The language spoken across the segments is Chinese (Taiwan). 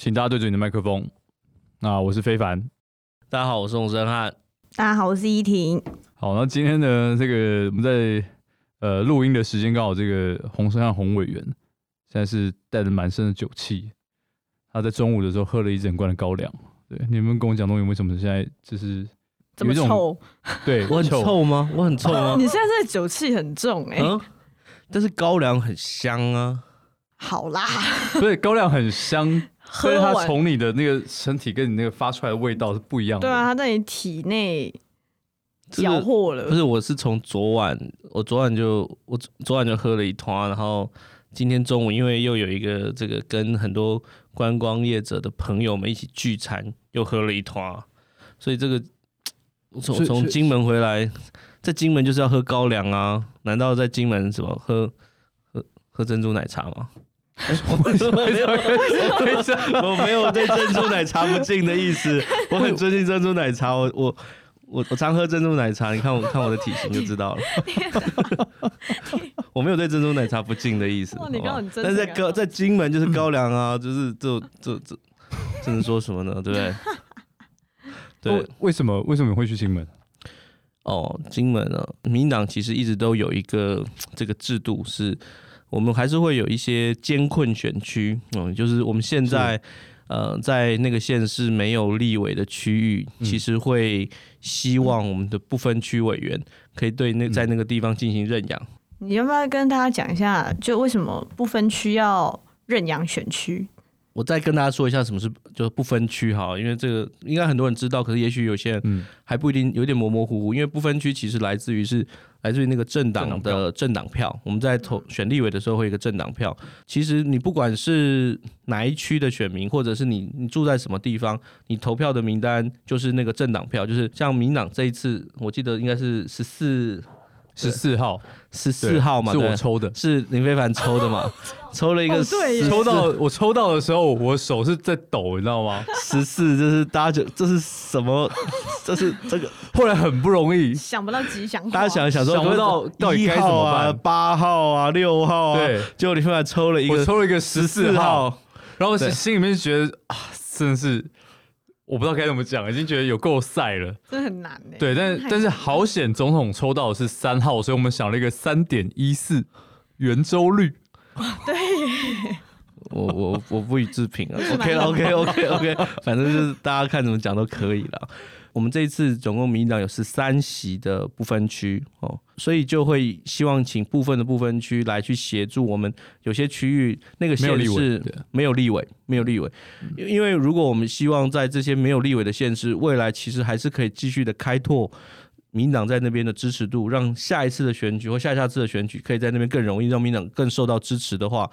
請大家對準你的麥克風，那我是飛帆。大家好，我是洪申翰。大家好，我是伊庭。好，那今天呢，這個我們在呃錄音的時間，剛好這個洪申翰、洪委員現在是帶着滿身的酒氣。他在中午的時候喝了一整罐的高粱。對，你有沒有跟我講，東西為什麼現在就是怎麼臭？對我很臭， 我很臭嗎？我很臭嗎？啊、你現在這酒氣很重哎、欸啊，但是高粱很香啊。好啦，對高粱很香。所以它從你的那個身體跟你那個發出來的味道是不一樣的。對啊，它在你體內攪和了。不是，我是從昨晚，我昨晚就我昨晚就喝了一坨，然後今天中午因為又有一個這個跟很多觀光業者的朋友們一起聚餐，又喝了一坨，所以這個從從金門回來，在金門就是要喝高粱啊，難道在金門什麼喝喝喝珍珠奶茶嗎？我，我，我沒有對珍珠奶茶不敬的意思，我很尊敬珍珠奶茶。我我我常喝珍珠奶茶，你看我看我的體型就知道了。我沒有對珍珠奶茶不敬的意思。 意思哦，你剛剛很真誠。但是在高在金門就是高粱啊，就是這這這，這能說什麼呢？對不對？對，哦，為什麼為什麼會去金門？哦，金門啊，民進黨其實一直都有一個這個制度是。我們還是會有一些艱困選區，嗯，就是我們現在，呃，在那個縣市沒有立委的區域，嗯，其實會希望我們的不分區委員可以對那、嗯、在那個地方進行認養。你要不要跟大家講一下，就為什麼不分區要認養選區？我再跟大家說一下什麼是，就是不分區哈，因為這個應該很多人知道，可是也許有些人還不一定，有點模模糊糊。因為不分區其實來自於是來自於那個政黨的政黨票，我們在投選立委的時候會有一個政黨票。其實你不管是哪一區的選民，或者是你你住在什麼地方，你投票的名單就是那個政黨票，就是像民黨這一次我記得應該是十四。十四號，十四號嘛，是我抽的，是林飛帆抽的嘛？ 抽了一個14，哦，對，抽到我抽到的時候，我手是在抖，你知道嗎？十四，這是大家就這是什麼？ 這是這個，後來很不容易，想不到吉祥話。大家想一想，想不到到底該怎麼辦？八號啊，六號啊，對，結果林飛帆抽了一個，我抽了一個十四號，號對，然後心裡面覺得啊，真的是。我不知道該怎麼講，已經覺得有夠曬了，真的很難、欸。對，但但是好險，總統抽到的是三號，所以我們想了一個三點一四圓周率。對，我我我不予置評啊。OK 了，OK OK OK，, okay 反正就是大家看怎麼講都可以了。我們這一次總共民進黨有十三席的不分區哦，所以就會希望請部分的不分區來去協助我們。有些區域那個縣是沒有，沒有立委，沒有立委，因為如果我們希望在這些沒有立委的縣市，未來其實還是可以繼續的開拓民進黨在那邊的支持度，讓下一次的選舉或下下次的選舉可以在那邊更容易讓民進黨更受到支持的話，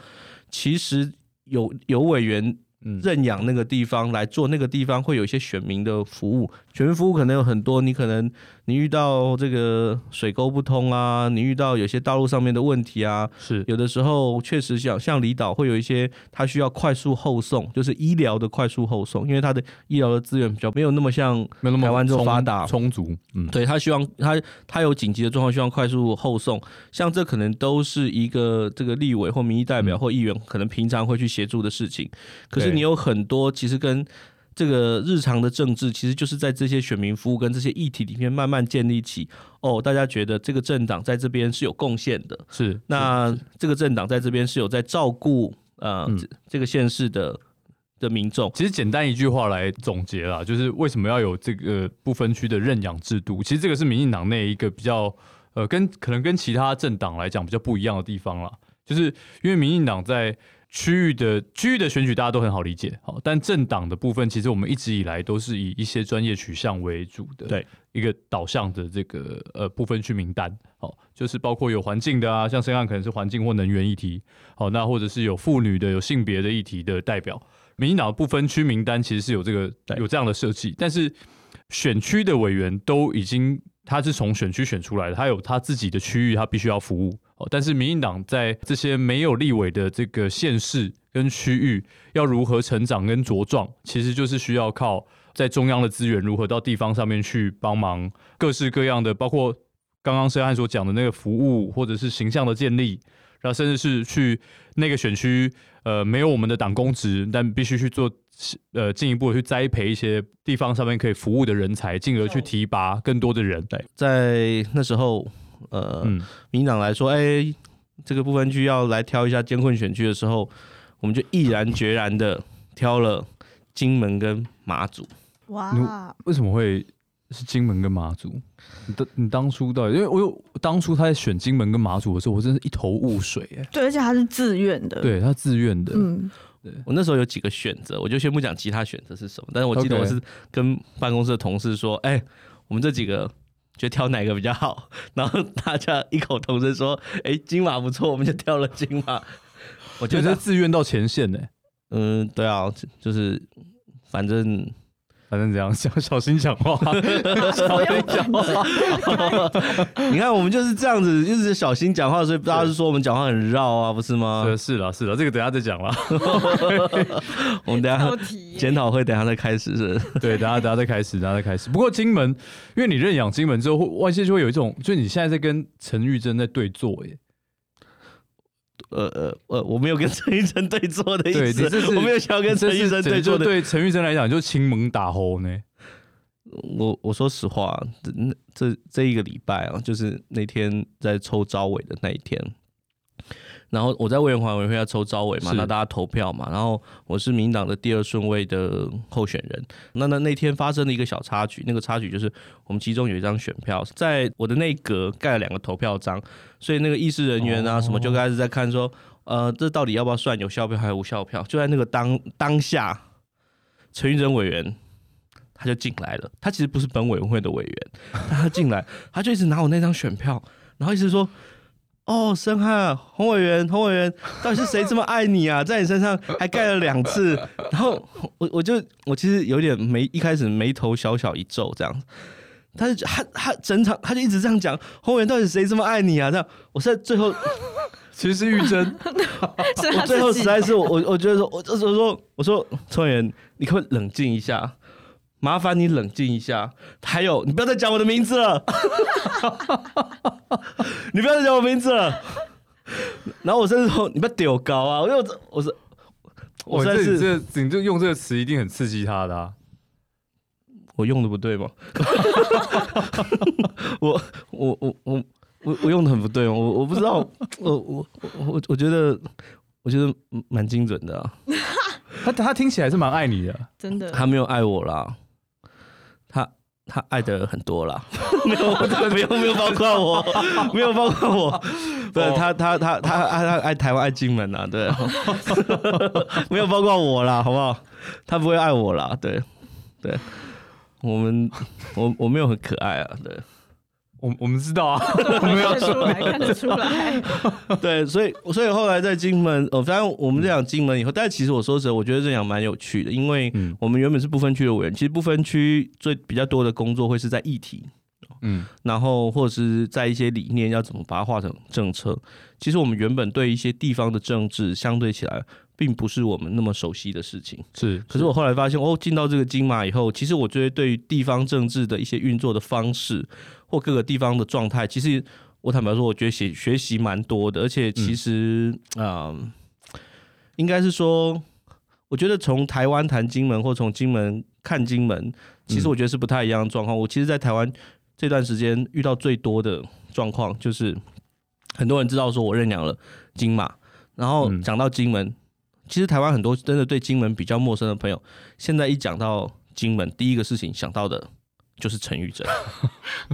其實有有委員。認養那個地方來做，那個地方會有一些選民的服務。選民服務可能有很多，你可能你遇到這個水溝不通啊，你遇到有些道路上面的問題啊，是有的時候確實像像離島會有一些他需要快速後送，就是醫療的快速後送，因為他的醫療的資源比較沒有那麼像台灣這種發達充、充足。嗯，對他希望他他有緊急的狀況，希望快速後送，像這可能都是一個這個立委或民意代表或議員可能平常會去協助的事情，嗯、可是。你有很多，其實跟這個日常的政治，其實就是在這些選民服務跟這些議題裡面，慢慢建立起哦，大家覺得這個政黨在這邊是有貢獻的。是，那這個政黨在這邊是有在照顧呃、嗯、這個縣市的的民眾。其實簡單一句話來總結啦，就是為什麼要有這個不分區的認養制度？其實這個是民進黨內一個比較呃，跟可能跟其他政黨來講比較不一樣的地方啦，就是因為民進黨在，區域的區域的選舉大家都很好理解，好，但政黨的部分其實我們一直以來都是以一些專業取向為主的，對一個導向的這個呃不分區名單，好，就是包括有環境的啊，像申翰可能是環境或能源議題，好，那或者是有婦女的、有性別的議題的代表，民進黨的不分區名單其實是有這個有這樣的設計，但是選區的委員都已經，他是從選區選出來的，他有他自己的區域，他必須要服務。但是民進黨在這些沒有立委的這個縣市跟區域，要如何成長跟茁壯，其實就是需要靠在中央的資源如何到地方上面去幫忙，各式各樣的，包括剛剛申翰所講的那個服務或者是形象的建立，然後甚至是去那個選區，呃，沒有我們的黨公職，但必須去做，呃，進一步的去栽培一些地方上面可以服務的人才，進而去提拔更多的人。哦、對在那時候。呃，嗯、民黨來說，哎、欸，這個不分區要來挑一下艱困選區的時候，我們就毅然決然的挑了金門跟馬祖。哇！為什麼會是金門跟馬祖？你當你當初到底，因為我有我當初他在選金門跟馬祖的時候，我真是一頭霧水哎、欸。對，而且他是自願的。對，他自願的。嗯。對，我那時候有幾個選擇，我就先不講其他選擇是什麼，但是我記得我是跟辦公室的同事說，哎、okay 欸，我們這幾個。覺得挑哪個比較好？然後大家異口同聲說：“哎、欸，金馬不錯，我們就挑了金馬。 ”我覺得、就是、自願到前線呢。嗯，對啊，就是反正。反正這樣，講小心講話，小心講話。啊話啊、 你看，我們就是這樣子，一、就、直、是、小心講話，所以大家就說我們講話很繞啊，不是嗎？是了、啊，是了、啊啊，這個等一下再講啦、 okay。我們等一下檢討會，等一下再開始。 對，等下等下再開始，等一下再開始。不過金門，因為你認養金門之後，外界就會有一種，就你現在在跟陳玉珍在對坐耶、欸。呃呃呃，我沒有跟陳玉珍對坐的意思，我沒有想要跟陳玉珍對坐的對。對陳玉珍來講，就親蒙打呼呢。我我說實話，這這這一個禮拜啊，就是那天在抽召委的那一天。然後我在委員會要抽召委嘛，那大家投票嘛，然後我是民黨的第二順位的候選人。那那那天發生了一個小插曲，那個插曲就是我們其中有一張選票在我的內閣蓋了兩個投票章，所以那個議事人員啊、哦、什麼就開始在看說，呃，這到底要不要算有效票還是無效票？就在那個當當下，陳玉珍委員他就進來了，他其實不是本委員會的委員， 他進來他就一直拿我那張選票，然後一直說。哦，申翰洪委員，洪委員，到底是誰這麼愛你啊？ 在你身上還蓋了兩次。然後我我就我其實有點眉一開始眉頭小小一皺這樣，但是就他就他他整場他就一直這樣講，洪委員到底是誰這麼愛你啊？這樣，我在最後， 其實預 是玉珍，我最後實在是我我覺得說，我就是說我說，洪委員你可不可以冷靜一下？麻煩你冷靜一下。還有，你不要再講我的名字了。哈哈哈，你不要再講我的名字了。然後我甚至說：“你不要丟高啊！”我又，我，我，我，我，我是，我、哦、這次這你就用這個詞一定很刺激他的、啊。我用的不對嗎？哈哈哈，我我我我我用的很不對哦！我我不知道，我我我我覺得我覺得蠻精準的、啊。 他他聽起來是蠻愛你的，真的，他沒有愛我啦。他他愛的很多啦 沒有沒有沒有包括我 沒有包括我， 對，他他他他他愛台灣愛金門啊，對， 沒有包括我啦，好不好？他不會愛我啦，對對，我們我我沒有很可愛啊，對。我我們知道啊，看得出來，看得出來。對，所以所以後來在金門，呃，反正我們這樣金門以後，但其實我說實，我覺得這樣蠻有趣的，因為我們原本是不分區的委員，其實不分區最比較多的工作會是在議題，嗯，然後或者是在一些理念要怎麼把它化成政策。其實我們原本對一些地方的政治相對起來，並不是我們那麼熟悉的事情。是，可是我後來發現，哦，進到這個金馬以後，其實我覺得對於地方政治的一些運作的方式，或各個地方的狀態，其實我坦白說，我覺得學學習蠻多的，而且其實啊、嗯呃，應該是說，我覺得從台灣談金門，或從金門看金門，其實我覺得是不太一樣的狀況、嗯。我其實，在台灣這段時間遇到最多的狀況，就是很多人知道說我認養了金馬，然後講到金門，嗯、其實台灣很多真的對金門比較陌生的朋友，現在一講到金門，第一個事情想到的就是陳玉珍。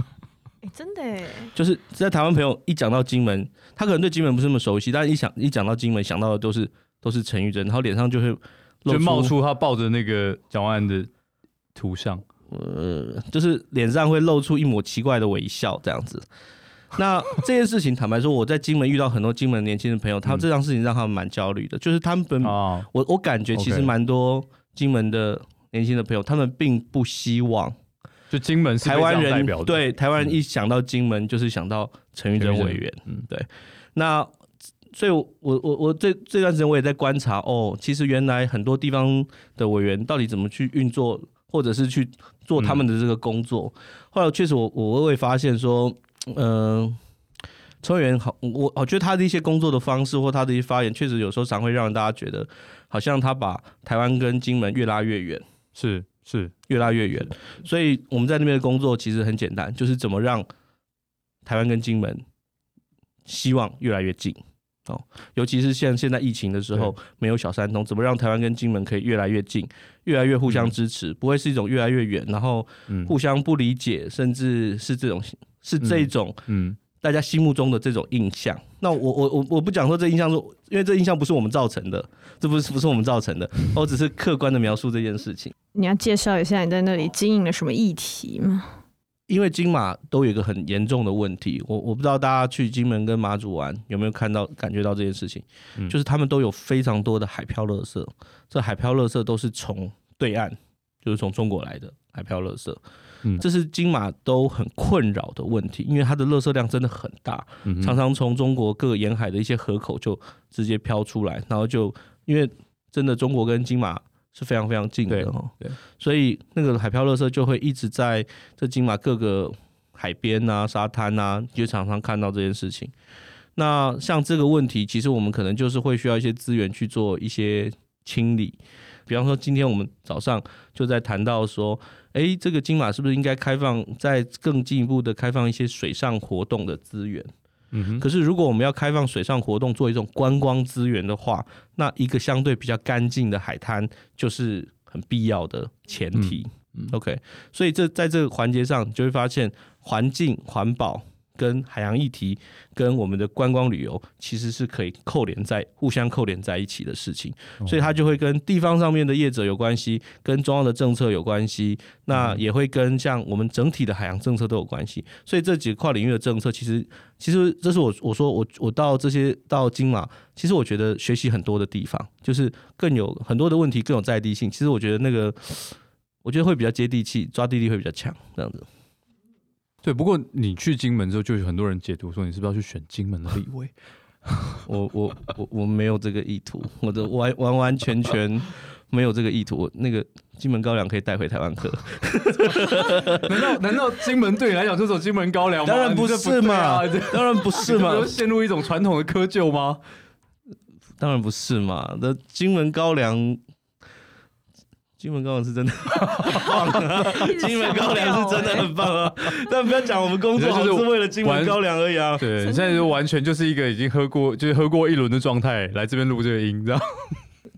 欸、真的，就是在台灣朋友一講到金門，他可能對金門不是那麼熟悉，但是一想一講到金門，想到的都是都是陳玉珍，然後臉上就會露出就冒出他抱着那個蔣萬安的圖像，呃，就是臉上會露出一抹奇怪的微笑這樣子。那 這件事情，坦白說，我在金門遇到很多金門年輕的朋友，他、嗯、這件事情讓他們蠻焦慮的，就是他們本、哦、我我感覺其實蠻多金門的年輕的朋友、okay，他們並不希望。就金門台灣人代表台人對台灣人一想到金門、嗯、就是想到陳玉珍委員，嗯，對。那所以我，我我我這這段時間我也在觀察哦，其實原來很多地方的委員到底怎麼去運作，或者是去做他們的這個工作。嗯、後來確實我，我我會發現說，嗯、呃，陳委員好，我我覺得他的一些工作的方式或他的一些發言，確實有時候常會讓大家覺得好像他把台灣跟金門越拉越遠，是。是越拉越遠，所以我們在那邊的工作其實很簡單，就是怎麼讓台灣跟金門希望越來越近哦，尤其是現現在疫情的時候，沒有小三通，怎麼讓台灣跟金門可以越來越近，越來越互相支持，嗯、不會是一種越來越遠，然後互相不理解，嗯、甚至是這種是這種、嗯嗯大家心目中的這種印象，那我我我我不講說這印象是，因為這印象不是我們造成的，這不是不是我們造成的，我只是客觀的描述這件事情。你要介紹一下你在那裡經營了什麼議題嗎？因為金馬都有一個很嚴重的問題，我我不知道大家去金門跟馬祖玩有沒有看到感覺到這件事情？嗯，就是他們都有非常多的海漂垃圾，這海漂垃圾都是從對岸，就是從中國來的海漂垃圾。這是金馬都很困擾的問題，因為它的垃圾量真的很大，常常從中國各個沿海的一些河口就直接飄出來，然後就因為真的中國跟金馬是非常非常近的哦，所以那個海漂垃圾就會一直在這金馬各個海邊啊、沙灘啊，就常常看到這件事情。那像這個問題，其實我們可能就是會需要一些資源去做一些清理。比方說，今天我們早上就在談到說，哎、欸，這個金馬是不是應該開放，再更進一步的開放一些水上活動的資源？嗯哼。可是，如果我們要開放水上活動做一種觀光資源的話，那一個相對比較乾淨的海灘就是很必要的前提。嗯嗯、OK，所以這在這個環節上，就會發現環境、環保。跟海洋議題、跟我們的觀光旅遊，其實是可以扣連在互相扣連在一起的事情，所以它就會跟地方上面的業者有關係，跟中央的政策有關係，那也會跟像我們整體的海洋政策都有關係。所以這幾個跨領域的政策，其實其實這是我說我說我我到這些到金馬，其實我覺得學習很多的地方，就是更有很多的問題更有在地性。其實我覺得那個我覺得會比較接地氣，抓地力會比較強這樣子。對，不過你去金門之後，就有很多人解讀說你是不是要去選金門的立委。 我我我我沒有這個意圖，我的完完完全全沒有這個意圖。那個金門高粱可以帶回台灣喝。 難道難道金門對你來講就是金門高粱嗎？當然不是嘛，啊、當然不是嘛，你要陷入一種傳統的窠臼嗎？當然不是嘛，那金門高粱，金門高粱是真的棒啊！金門高粱是真的很棒啊！啊、但不要講我們工作就是為了金門高粱而已啊。對，現在就完全就是一個已經喝過，就是喝過一輪的狀態來這邊錄這個音，知道嗎？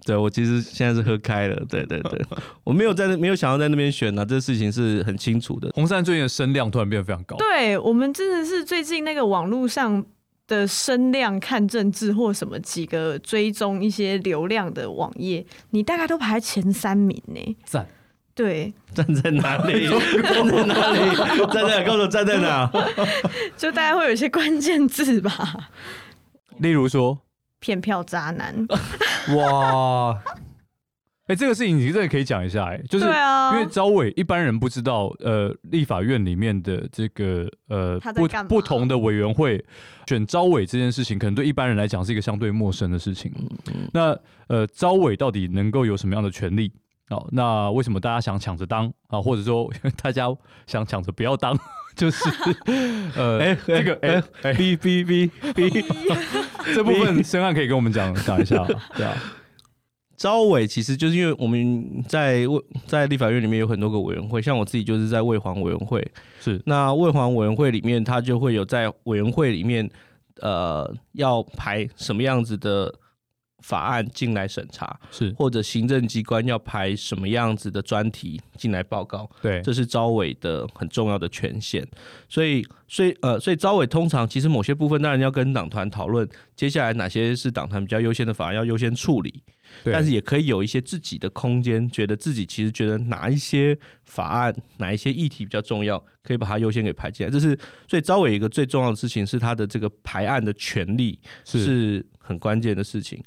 對，我其實現在是喝開了，對對對，我沒有在沒有想要在那邊選啊，這個事情是很清楚的。申翰最近的聲量突然變得非常高。對，我們真的是最近那個網絡上，的聲量看政治或什麼幾個追蹤一些流量的網頁，你大概都排前三名呢、欸。站對站在, 站,在哪 站在哪裡？站在哪裡？站在告訴我站在哪？就大概會有一些關鍵字吧。 例如說，騙票渣男。 哇。哎、欸，這個事情你這個可以講一下哎、欸，就是因為召委一般人不知道，呃，立法院裡面的這個呃不不同的委員會選召委這件事情，可能對一般人來講是一個相對陌生的事情、嗯。嗯、那呃，召委到底能夠有什麼樣的權利？哦，那為什麼大家想搶着當啊？或者說大家想搶着不要當？就是呃， 欸、這個哎，b b b b，這部分申翰可以跟我們講講一下、啊，對啊。 招委其實就是因為我們在在立法院裡面有很多個委員會，像我自己就是在衛環委員會，是那衛環委員會裡面，他就會有在委員會裡面，呃，要排什麼樣子的法案進來審查，是或者行政機關要排什麼樣子的專題進來報告，對，這是召委的很重要的權限，所以，所以，呃，所以召委通常其實某些部分當然要跟黨團討論，接下來哪些是黨團比較優先的法案要優先處理。但是也可以有一些自己的空間，覺得自己其實覺得哪一些法案、哪一些議題比較重要，可以把它優先給排進來。這是所以召委一個最重要的事情，是他的這個排案的權利是，是很關鍵的事情。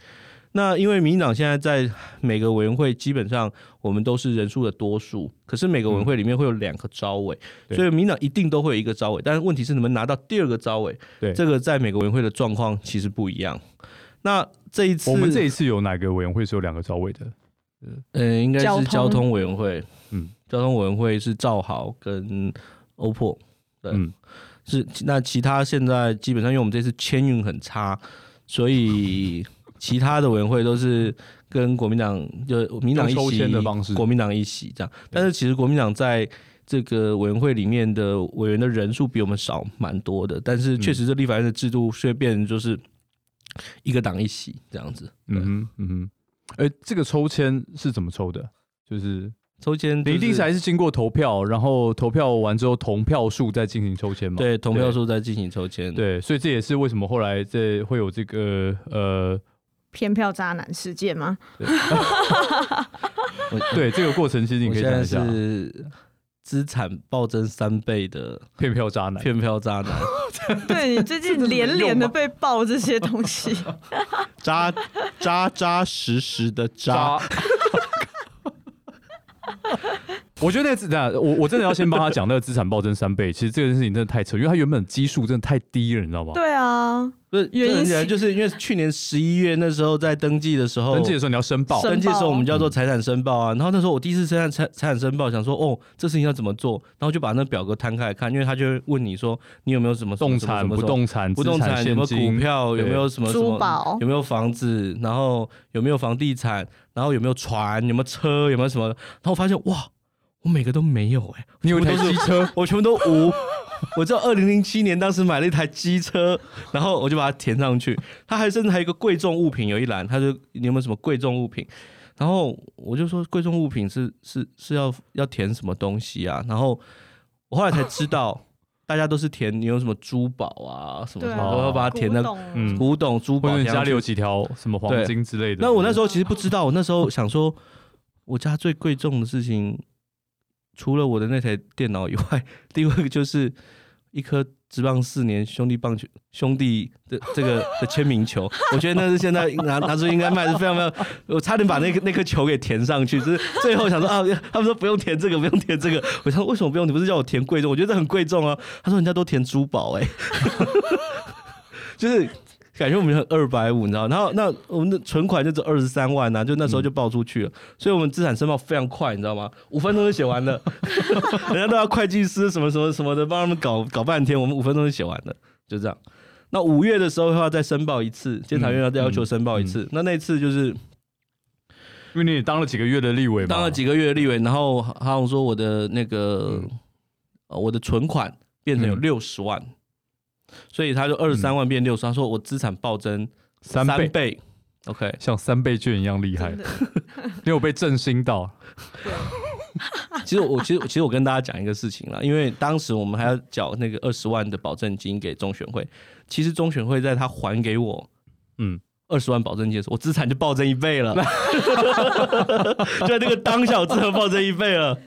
那因為民進黨現在在每個委員會基本上我們都是人數的多數，可是每個委員會裡面會有兩個召委、嗯，所以民進黨一定都會有一個召委。但是問題是，你們拿到第二個召委，這個在每個委員會的狀況其實不一樣。那這一次，我們這一次有哪個委員會是有兩個召委的？嗯，應該是交通委員會。嗯，交通委員會是趙豪跟歐破。嗯，是那其他現在基本上，因為我們這次簽運很差，所以其他的委員會都是跟國民黨就民黨一起，國民黨一起這樣，嗯。但是其實國民黨在這個委員會裡面的委員的人數比我們少蠻多的，但是確實這立法院的制度卻變成就是。一個黨一席這樣子，嗯哼嗯嗯哎、欸，這個抽籤是怎麼抽的？就是抽籤、就是，一定是還是經過投票，然後投票完之後同票數再進行抽籤嗎？對，同票數再進行抽籤。對，所以這也是為什麼後來這會有這個呃偏票渣男事件嗎？對， 對，這個過程其實你可以看一下。資產暴增三倍的騙票渣男，騙票渣男， 對，你最近連連的被爆這些東西，扎扎扎實實的渣。渣我覺得那次我我真的要先幫他講那個資產暴增三倍。 其實這件事情真的太扯，因為他原本基數真的太低了，你知道嗎？對啊，原因是就是因為去年十一月那時候在登記的時候，登記的時候你要申報，申報登記的時候我們叫做財產申報啊、嗯。然後那時候我第一次財產財產申報，想說哦，這事情要怎麼做，然後就把那表格攤開來看，因為他就會問你說你有沒有什麼動產、不動產、不動產、產有沒有股票，有沒有什麼、什麼珠寶、嗯，有沒有房子，然後有沒有房地產，然後有沒有船，有沒有車，有沒有什麼？然後我發現哇。我每個都沒有哎、欸，你有一台機車，我，我全部都無。我在二零零七年當時買了一台機車，然後我就把它填上去。它還甚至還有一個貴重物品，有一欄，它就你有沒有什麼貴重物品？然後我就說貴重物品是是是要要填什麼東西啊？然後我後來才知道， 大家都是填你有什麼珠寶啊什麼，什麼啊，我要把它填的古、嗯、古董珠寶。嗯、家裡有幾條什麼黃金之類的？那我那時候其實不知道，我那時候想說我家最貴重的事情。除了我的那台電腦以外，第二個就是一顆職棒四年兄弟棒球兄弟的這個的簽名球，我覺得那是現在拿拿出，應該賣的是非常非常。我差點把那個那顆球給填上去，就是最後想說啊，他們說不用填這個，不用填這個。我說，為什麼不用？你不是叫我填貴重？我覺得這很貴重啊。他說人家都填珠寶、欸，哎， 就是。感覺我們很二百五，你知道，然後那我們的存款就只有二十三萬吶、啊，就那時候就報出去了，嗯、所以我們資產申報非常快，你知道嗎？五分鐘就寫完了， 人家都要會計師什麼什麼什麼的幫他們搞搞半天，我們五分鐘就寫完了，就這樣。那五月的時候的話，再申報一次，監察院要要求申報一次，嗯嗯、那那次就是因為你也當了幾個月的立委，當了幾個月的立委，然後好像說我的那個、嗯哦、我的存款變成有六十萬。嗯所以他就二十三萬變六十、嗯，他說我資產暴增3倍三倍，OK，像三倍券一樣厲害。 六倍振興到 其。其實我其實其實我跟大家講一個事情啦，因為當時我們還要繳那個二十萬的保證金給中選會，其實中選會在他還給我，嗯，二十萬保證金的時候，我資產就暴增一倍了， 就在那個當下我資產暴增一倍了。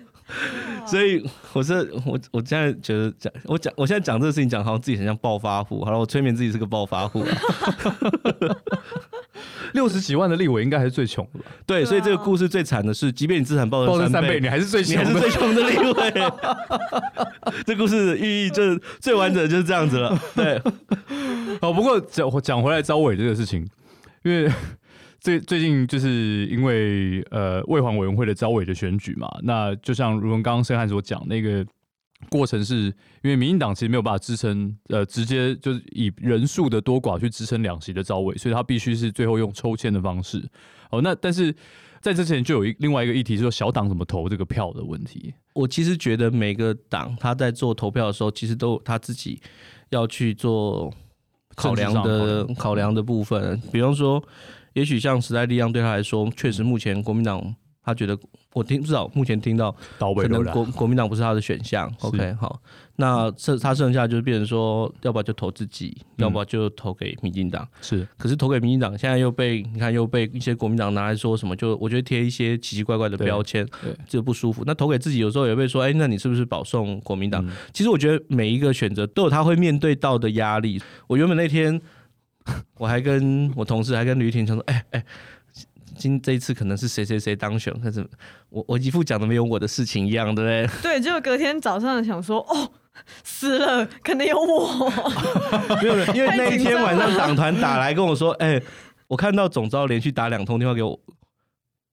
所以我是我，我現在覺得講我講，我現在講這個事情講，好像自己很像暴發戶。好了，我催眠自己是個暴發戶、啊。六 十 幾萬的立委，應該還是最窮的。對，對、啊，所以這個故事最慘的是，即便你資產爆了三倍，三倍你的，你還是最窮，還是最窮的立委。這故事的意義就是最完整的就是這樣子了。 對，好，不過講講回來招尾這個事情，因為。最最近就是因為呃，衛環委員會的召委的選舉嘛，那就像如文剛剛申翰所講，那個過程是因為民進黨其實沒有辦法支撐，呃，直接就是以人數的多寡去支撐兩席的召委，所以他必須是最後用抽籤的方式。哦，那但是在之前，就有一另外一個議題，說小黨怎麼投這個票的問題。我其實覺得每個黨他在做投票的時候，其實都他自己要去做考量的考量的部分，比方說。也許像時代力量對他來說，確實目前國民黨他覺得我聽，至少目前聽到可能國國民黨不是他的選項。OK，好，那剩他剩下就是變成說，要不要就投自己，嗯、要不要就投給民進黨。是，可是投給民進黨現在又被你看又被一些國民黨拿來說什麼？就我覺得貼一些奇奇怪怪的標籤，就不舒服。那投給自己有時候也會說，哎、欸，那你是不是保送國民黨，嗯？其實我覺得每一個選擇都有他會面對到的壓力。我原本那天我還跟我同事，還跟伊庭說：“哎、欸、哎、欸，今這一次可能是誰誰誰當選，可是我我一副講的沒有我的事情一樣的嘞。對”對，就隔天早上想說：“哦，死了，可能有我。 ”沒，沒有，因為那一天晚上黨團打來跟我說：“哎、欸，我看到總召連續打兩通電話給我，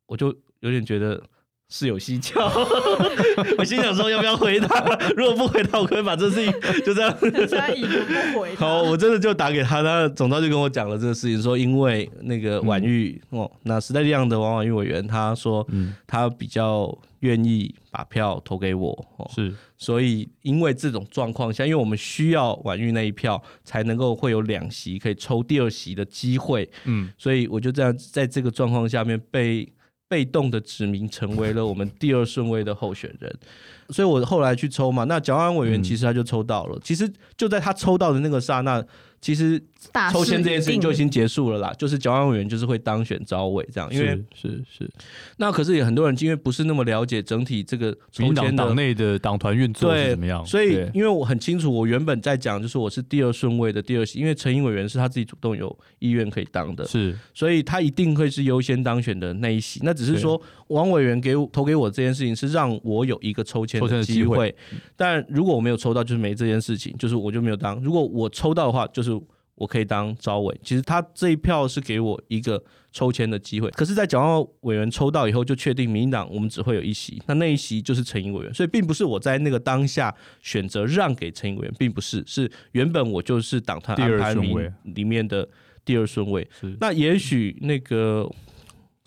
我就有點覺得。”是有蹊蹺， 我心想說要不要回答？ 如果不回答，我可以把這事情就這樣。 好，我真的就打給他，他總道就跟我講了這個事情，就是、說因為那個婉玉、嗯、哦，那時代力量的王婉玉委員，他說、嗯、他比較願意把票投給我、哦，是，所以因為這種狀況下，因為我們需要婉玉那一票才能夠會有兩席可以抽第二席的機會，嗯，所以我就這樣在這個狀況下面被。被動的指名成為了我們第二順位的候選人， 所以我後來去抽嘛，那蔣萬安委員其實他就抽到了、嗯，其實就在他抽到的那個剎那，其實。抽籤這件事情就已經結束了啦，是就是交換委員就是會當選召委這樣，因為是是，是，那可是也很多人因為不是那麼了解整體這個民進黨內的黨團運作是怎麼樣，所以因為我很清楚，我原本在講就是我是第二順位的第二席，因為陳英委員是他自己主動有意願可以當的，是，所以他一定會是優先當選的那一席，那只是說王委員給我投給我這件事情是讓我有一個抽籤抽籤機會，嗯，但如果我沒有抽到，就是沒這件事情，就是我就沒有當；如果我抽到的話，就是。我可以當召委，其實他這一票是給我一個抽籤的機會。可是，在講話委員抽到以後，就確定民進黨我們只會有一席，那那一席就是陳英委員。所以，並不是我在那個當下選擇讓給陳英委員，並不是，是原本我就是黨團安排裡裡面的第二順位。那也許那個。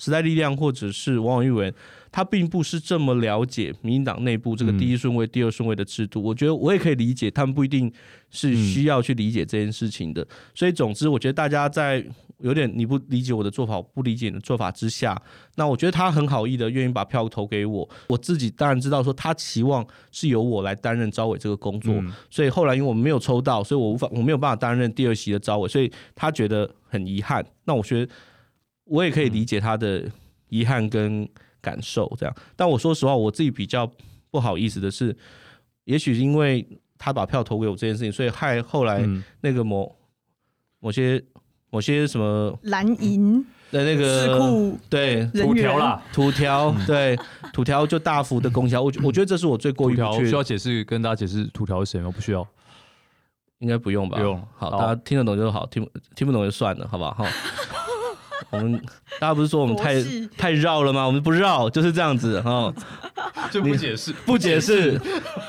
時代力量，或者是王玉文，他並不是這麼了解民進黨內部這個第一順位、嗯、第二順位的制度。我覺得我也可以理解，他們不一定是需要去理解這件事情的。嗯、所以，總之，我覺得大家在有點你不理解我的做法，不理解你的做法之下，那我覺得他很好意的，願意把票投給我。我自己當然知道，說他期望是由我來擔任召委這個工作。嗯、所以後來，因為我們沒有抽到，所以我無法我沒有辦法擔任第二席的召委，所以他覺得很遺憾。那我覺得。我也可以理解他的遺憾跟感受，這樣。但我說實話，我自己比較不好意思的是，也許是因為他把票投給我這件事情，所以害後來那個某某些某些什麼藍營的、嗯、那個智庫對土條啦土條 對 土條就大幅的功銷。我我覺得這是我最過意不去。我需要解釋跟大家解釋土條是誰嗎？不需要，應該不用吧？不用好。好，大家聽得懂就好，聽聽不懂就算了，好不好？我們大家不是說我們太太繞了嗎？我們不繞就是這樣子哈、哦，就不解釋，不解釋，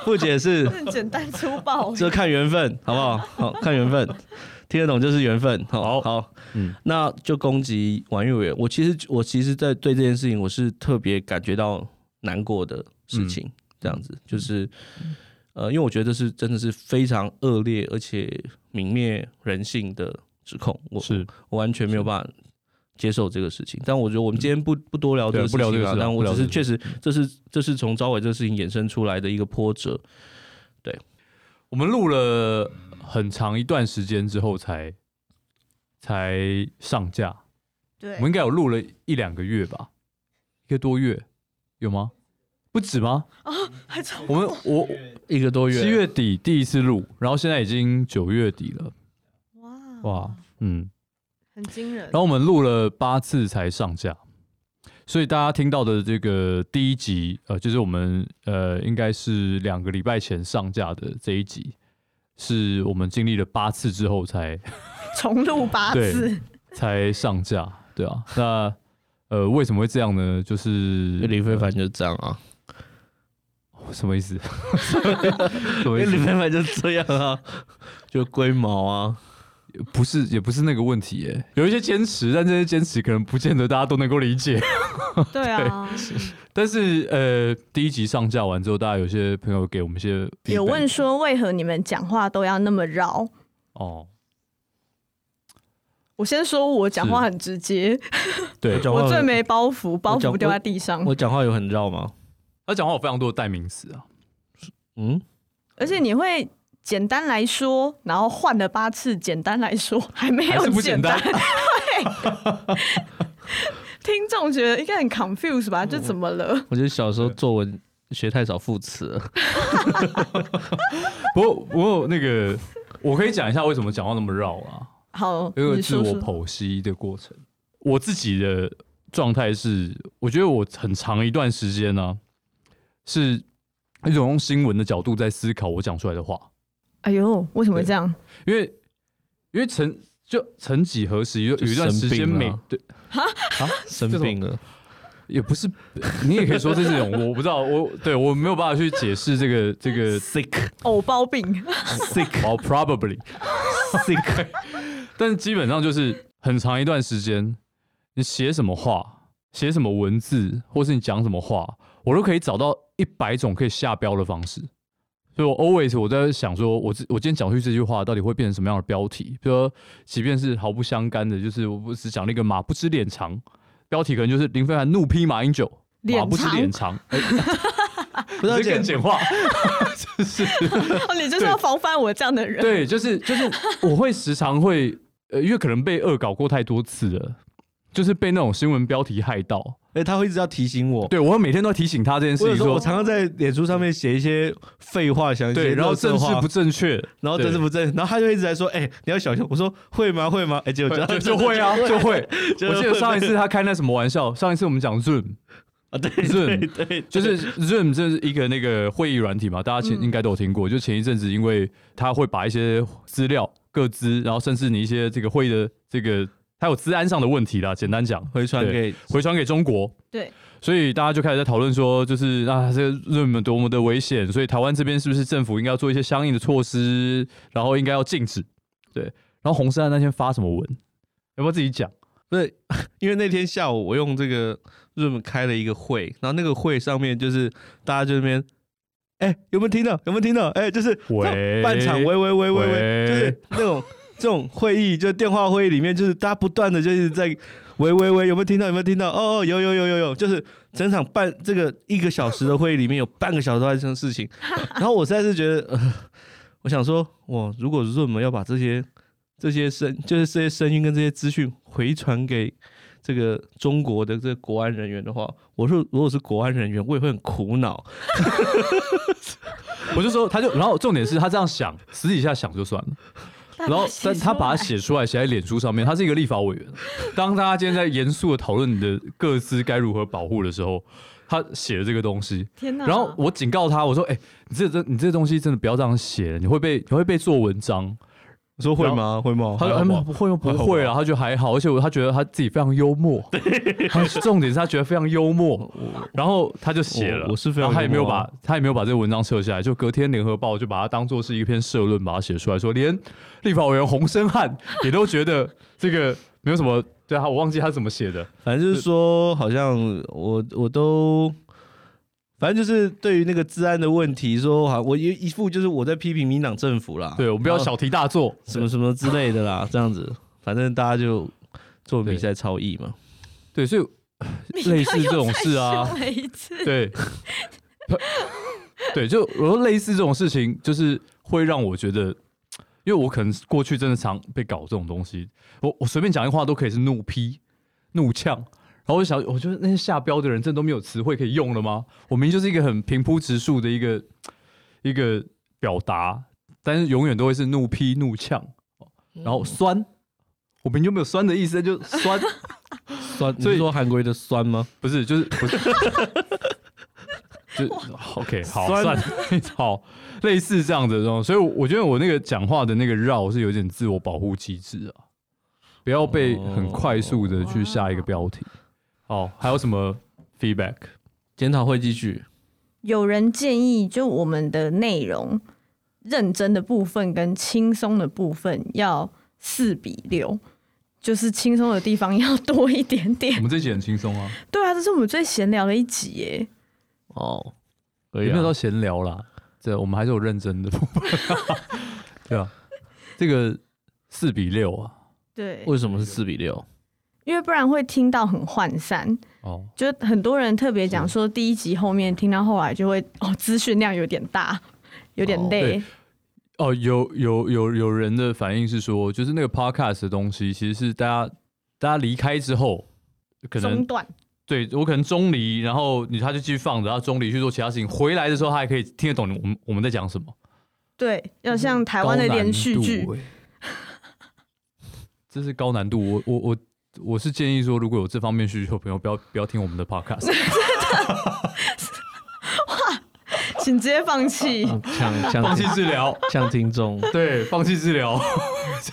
不解釋，簡單粗暴。這 看緣分，好不好？好，看緣分， 聽得懂就是緣分。好好，好，嗯，那就攻擊王玉珍。我其實我其實，在對這件事情，我是特別感覺到難過的事情。嗯、這樣子就是、嗯，呃，因為我覺得這是真的是非常惡劣而且泯滅人性的指控。我是我完全沒有辦法。接受這個事情，但我覺得我們今天不不多聊這個事情，啊不聊這個事啊，但我只是確實這是這，這是這是從招尾這個事情衍生出來的一個波折。對，我們錄了很長一段時間之後才才上架。對，我們應該有錄了一兩個月吧，一個多月有嗎？不止嗎？啊，還長。我們我一個多月，七月底第一次錄，然後現在已經九月底了。哇，wow. 哇，嗯。很驚人，然後我們錄了八次才上架，所以大家聽到的這個第一集，呃，就是我們呃應該是兩個禮拜前上架的這一集，是我們經歷了八次之後才重錄八次才上架，對啊，那呃為什麼會這樣呢？就是林飛帆就這樣啊，什麼意思？意思 因為林飛帆就這樣啊，就龜毛啊。不是，也不是那個問題耶、欸。有一些堅持，但這些堅持可能不見得大家都能夠理解。 對啊， 對但是呃，第一集上架完之後，大家有些朋友給我們一些有問說，為何你們講話都要那麼繞？哦，我先說我講話很直接。 對我，我最沒包袱，包袱不掉在地上。我講話有很繞嗎？他、啊、講話有非常多的代名詞啊。嗯，而且你會。簡單來說，然後換了八次。簡單來說，還沒有簡單。對， 聽眾覺得應該很 confuse 吧？這怎麼了我？我覺得小時候作文學太少副詞了。 不過，不過那個，我可以講一下為什麼講話那麼繞啊？好，有個自我剖析的過程。說說我自己的狀態是，我覺得我很長一段時間呢、啊，是一種用新聞的角度在思考我講出來的話。哎呦，為什麼會這樣？因為，因為曾就曾幾何時有有一段時間沒、啊、對，哈生、啊、病了，也不是你也可以說這是一種 我不知道，我對我沒有辦法去解釋這個這個 sick 偶、oh, 包病 sick 哦、oh, probably sick， 但是基本上就是很長一段時間，你寫什麼話、寫什麼文字，或是你講什麼話，我都可以找到一百種可以下標的方式。所以，我 always 我在想說，我我今天講出去這句話，到底會變成什麼樣的標題？比如說，即便是毫不相干的，就是我只講那個“馬不知臉長”，標題可能就是林飛帆怒批馬英九“馬不知臉長”欸。哈哈哈哈哈，這個簡話，哈哈哈，你就是要防範我這樣的人。對，就是就是，我會時常會呃，因為可能被惡搞過太多次了，就是被那種新聞標題害到。哎、欸，他會一直要提醒我，對我每天都要提醒他這件事情。說，我，說我常常在臉書上面寫一些廢話，對想信，然後政治不正確，然後政治不正，然後他就一直在說，哎、欸，你要小心。我說會嗎？會嗎？哎、欸，就就就，就會啊就會就會就會，就會。我記得上一次他開那什麼玩笑，上一次我們講 Zoom 啊，對，對，Zoom 對，就是 Zoom 這是一個那個會議軟體嘛，大家前應該都有聽過。嗯、就前一陣子，因為他會把一些資料、個資，然後甚至你一些這個會議的這個。還有資安上的問題的，簡單講回傳給回傳給中國，對，所以大家就開始在討論說，就是啊，這個 Zoom 多麼的危險，所以台灣這邊是不是政府應該做一些相應的措施，然後應該要禁止，對。然後洪申翰那天發什麼文，要不要自己講？不是，因為那天下午我用這個 Zoom 開了一個會，然後那個會上面就是大家就那邊，哎、欸，有沒有聽到？有沒有聽到？哎、欸，就是半場喂喂喂喂喂，就是那種。 這種會議就電話會議裡面，就是大家不斷的就是在喂喂喂，有沒有聽到？有沒有聽到？哦哦，有有有有有，就是整場半這個一個小時的會議裡面有半個小時發生的事情，哈哈哈哈，然後我實在是覺得，呃、我想說，我如果說我們要把這些這些聲，就是這些聲音跟這些資訊回傳給這個中國的這個國安人員的話，我說如果是國安人員，我也會很苦惱。哈哈哈哈 我就說他就，然後重點是他這樣想，私底下想就算了。然後，但他把它寫出來，寫在臉書上面。他是一個立法委員。 當大家今天在嚴肅的討論你的個資該如何保護的時候，他寫了這個東西。天哪！然後我警告他，我說：“哎、欸，你這這，你這東西真的不要這樣寫了，你會被你會被做文章。”說會嗎？會嗎？他說他們不會，又不會，啊。他就還好，而且我他覺得他自己非常幽默。重點是他覺得非常幽默，然後他就寫了我，我是非常，然後他也沒有把、啊、他也沒有把這個文章撤下來，就隔天聯合報就把它當做是一篇社論，把它寫出來說，連立法委員洪申翰也都覺得這個沒有什麼。對啊，我忘記他怎麼寫的，反正就是說是好像我我都。反正就是對於那個治安的問題說，說好，我一一副就是我在批評民黨政府啦。對，我們不要小題大做，什麼什麼之類的啦，這樣子。反正大家就做比賽超意嘛對。對，所以，呃，類似這種事啊，對， 對，就我說類似這種事情，就是會讓我覺得，因為我可能過去真的常被搞這種東西，我我隨便講一句話都可以是怒批、怒嗆。然後我就想，我覺得那些下標的人真的都沒有詞彙可以用了嗎？我明明就是一個很平鋪直述的一個一個表達，但是永遠都會是怒批怒嗆，然後酸，我明明就沒有酸的意思，就酸酸。所以是說韓國的酸嗎？不是，就是不是， 就 OK 好酸算 好類似這樣子的，所以我覺得我那個講話的那個繞是有點自我保護機制啊，不要被很快速的去下一個標題。哦哦，還有什麼 feedback？檢討會繼續。有人建議，就我們的內容，認真的部分跟輕鬆的部分要四比六，就是輕鬆的地方要多一點點。 我們這集很輕鬆啊。對啊，這是我們最閒聊的一集耶。哦，也、啊、沒有到閒聊啦，對，我們還是有認真的。 對啊，這個四比六啊。對。為什麼是四比六？因為不然會聽到很渙散哦，就很多人特別講說，第一集後面聽到後來就會哦，資訊量有點大，有點累。哦，哦有有有有人的反應是說，就是那個 podcast 的東西，其實是大家大家離開之後可能中斷。對我可能中離，然後你他就繼續放着，然後中離去做其他事情，回來的時候他還可以聽得懂我們我們在講什麼。對，要像台灣的連續劇，高難度欸、 這是高難度。我我我。我是建議說，如果有這方面需求的朋友不要不要聽我們的 podcast。真的？哇，請直接放棄，向、啊、向 放棄治療，向聽眾對放棄治療，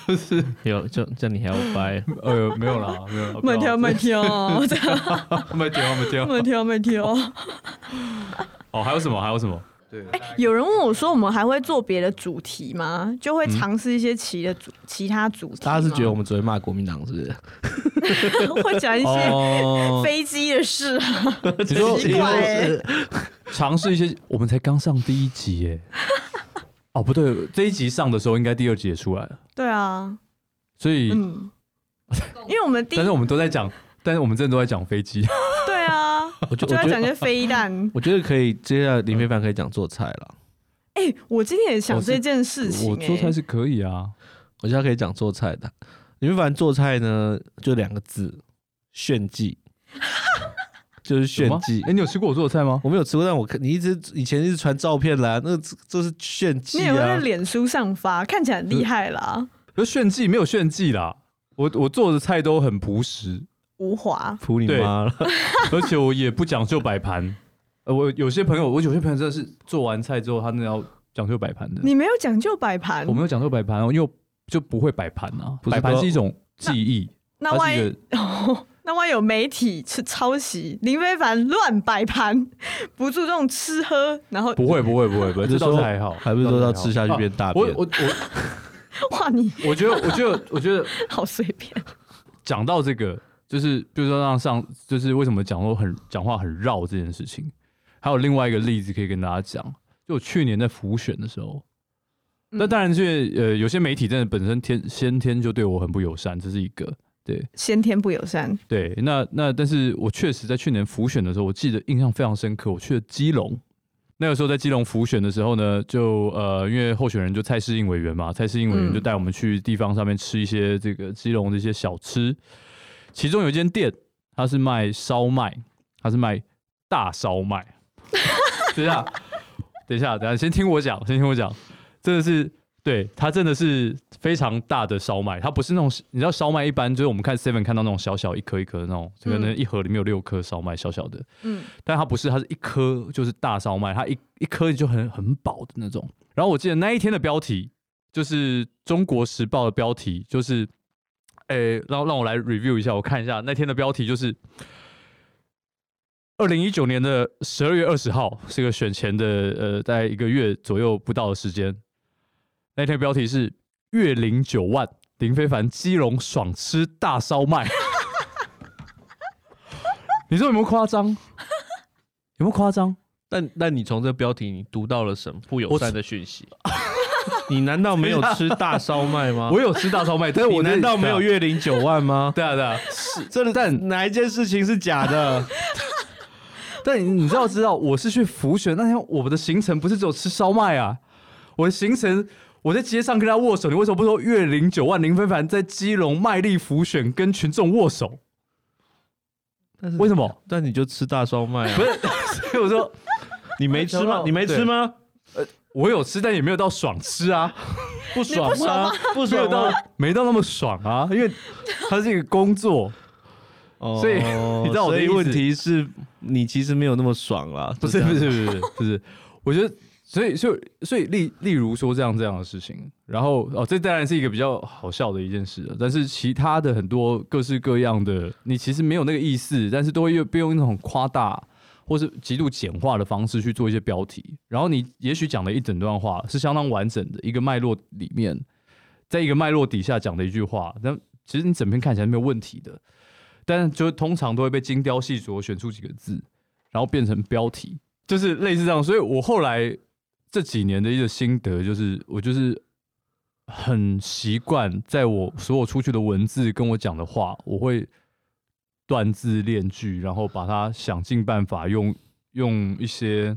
就是有這這你還要掰？呃，沒有啦，沒有啦，慢、就是、跳慢跳，慢跳慢跳，慢跳慢跳，哦， 沒哦沒哦 oh, 還有什麼？還有什麼？哎、欸，有人問我說，我們還會做別的主題嗎？就會嘗試一些其他的主、嗯、其他主題。大家是覺得我們只會罵國民黨，是不是？ 會講一些飛機的事啊，哦、奇怪事嘗試一些， 我們才剛上第一集哎。 哦，不對，這一集上的時候，應該第二集也出來了。對啊，所以，嗯、 因為我們第但是我們都在講，但是我們真的都在講飛機。我就要講些飛彈我, 我覺得可以，接下來林飛帆可以講做菜了。哎、欸，我今天也想這件事情、欸，哦、我做菜是可以啊，我現在可以講做菜的。林飛帆做菜呢，就兩個字，炫技， 就是炫技。哎、欸，你有吃過我做的菜嗎？我沒有吃過，但我看你一直以前一直傳照片啦、啊，那個是炫技、啊。你有，會、就是臉書上發，看起來很厲害啦。不、呃就是炫技，沒有炫技啦，我我做的菜都很樸實。吳華服你媽了， 而且我也不講究擺盤。 呃，我有些朋友，我有些朋友真的是做完菜之後，他那要講究擺盤的。你沒有講究擺盤，我沒有講究擺盤，因為我就不會擺盤啊。擺盤是,是一種技藝。那萬一，那萬一、哦、那有媒體是抄襲林飛帆亂擺盤，不注重吃喝，然後不會,不會不會不會，這道菜還好，還不是說他吃下去變大便？我、啊、我我，我我 哇你我！我覺得我覺得我覺得 好隨便。講到這個。就是，就是讓上，就是為什麼講說很講話很繞這件事情，還有另外一個例子可以跟大家講，就我去年在輔選的時候，那、嗯、當然就呃，有些媒體真的本身天先天就對我很不友善，這是一個對先天不友善。對，那那但是我確實在去年輔選的時候，我記得印象非常深刻，我去了基隆，那個時候在基隆輔選的時候呢，就呃，因為候選人就蔡適應委員嘛，蔡適應委員就帶我們去地方上面吃一些這個基隆的一些小吃。其中有一間店，它是賣燒麥，它是賣大燒麥。 等一下，等一下，等一下，先聽我講，先聽我講，真的是對，它真的是非常大的燒麥，它不是那種你知道燒麥一般就是我們看 seven 看到那種小小一顆一顆的那種，可能一盒裡面有六顆燒麥小小的。嗯，但它不是，它是一顆就是大燒麥，它一一顆就很很飽的那種。然後我記得那一天的標題就是《中國時報》的標題就是。哎、欸，讓讓我來 review 一下，我看一下那天的標題，就是二零一九年的十二月二十號，是個選前的，呃，大概一個月左右不到的時間，那天的標題是“月領九萬，林飛帆基隆爽吃大燒賣”， 你說有沒有誇張？ 有沒有誇張？但但你從這標題你讀到了什麼不友善的訊息？ 你難道沒有吃大燒賣嗎？ 我有吃大燒賣，但是我難道沒有月領九萬嗎？對 啊對啊，這、啊啊、但哪一件事情是假的？ 但你你要知道，我是去輔選那天，我們的行程不是只有吃燒賣啊。我的行程，我在街上跟他握手，你為什麼不說月領九萬林飛帆在基隆賣力輔選，跟群眾握手但是？為什麼？但你就吃大燒賣啊？ 不是，所以我說你沒吃嗎？你沒吃嗎？ 我有吃，但也沒有到爽吃啊，不爽啊，不爽嗎？沒有到沒到那麼爽啊，因為它是一個工作， 所以、嗯、你知道我的問題是你其實沒有那麼爽啦。不是不是不是不是，我覺得所以所以所以，所以例例如說這樣這樣的事情，然後哦這當然是一個比較好笑的一件事，但是其他的很多各式各樣的你其實沒有那個意思，但是都會用被用那種誇大。或是極度簡化的方式去做一些標題，然後你也許講了一整段話，是相當完整的一個脈絡裡面，在一個脈絡底下講的一句話，那其實你整篇看起來沒有問題的，但是就通常都會被精雕細琢選出幾個字，然後變成標題，就是類似這樣。所以我後來這幾年的一個心得就是，我就是很習慣在我所有出去的文字跟我講的話，我會。斷字練句，然後把它想盡辦法用用一些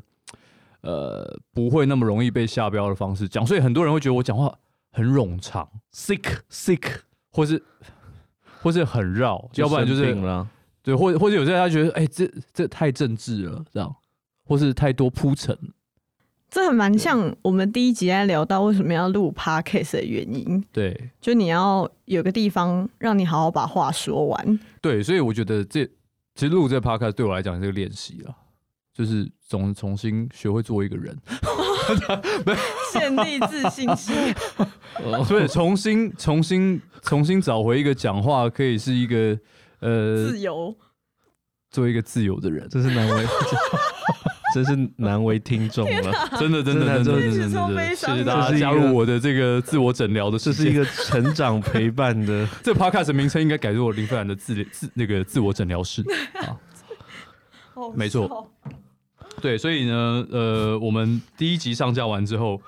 呃不會那麼容易被下標的方式講，所以很多人會覺得我講話很冗長 sick sick 或是 或是很繞，要不然就是對，或或者有些人他覺得哎、欸，這這太政治了，這樣，或是太多鋪陳了。這很蠻像我們第一集在聊到為什麼要錄 podcast 的原因，對，就你要有個地方讓你好好把話說完。對，所以我覺得這其實錄這個 podcast 對我來講是個練習了，就是重重新學會做一個人，建 立自信心， 所以重新、重新、重新找回一個講話可以是一個呃自由，做一個自由的人，這是難為。真是難為聽眾了，真的真的真的真的真的，謝謝大家加入我的這個自我診療的，這是一個成長陪伴的。 這 podcast 的名稱應該改做林飛帆的自自那個自我診療室啊。沒錯，對。所以呢，呃，我們第一集上架完之後，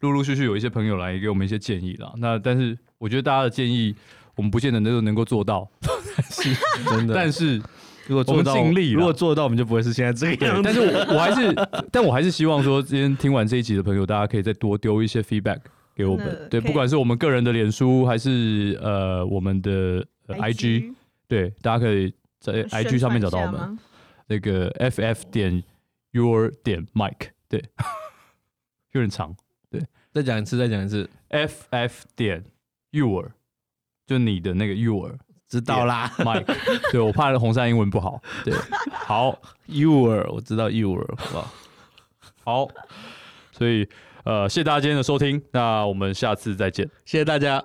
陸陸續續有一些朋友來給我們一些建議了。那但是我覺得大家的建議，我們不見得就能夠做到，是 真的。但是。如果做到，如果做得到，我們就不會是現在這個樣子。但是我，我還是， 但我還是希望說，今天聽完這一集的朋友，大家可以再多丟一些 feedback 給我們。對，不管是我們個人的臉書，還是呃我們的、呃、IG，對，大家可以在、嗯、IG 上面找到我們，那個 ff 點 your 點 mic，對， 有點長，對，再講一次，再講一次，ff 點 your，就你的那個 your。知道啦 yeah，Mike。 對，我怕洪申翰英文不好。對，好，you are，我知道 you are，wow、好不好？ 好，所以呃，謝謝大家今天的收聽，那我們下次再見，謝謝大家。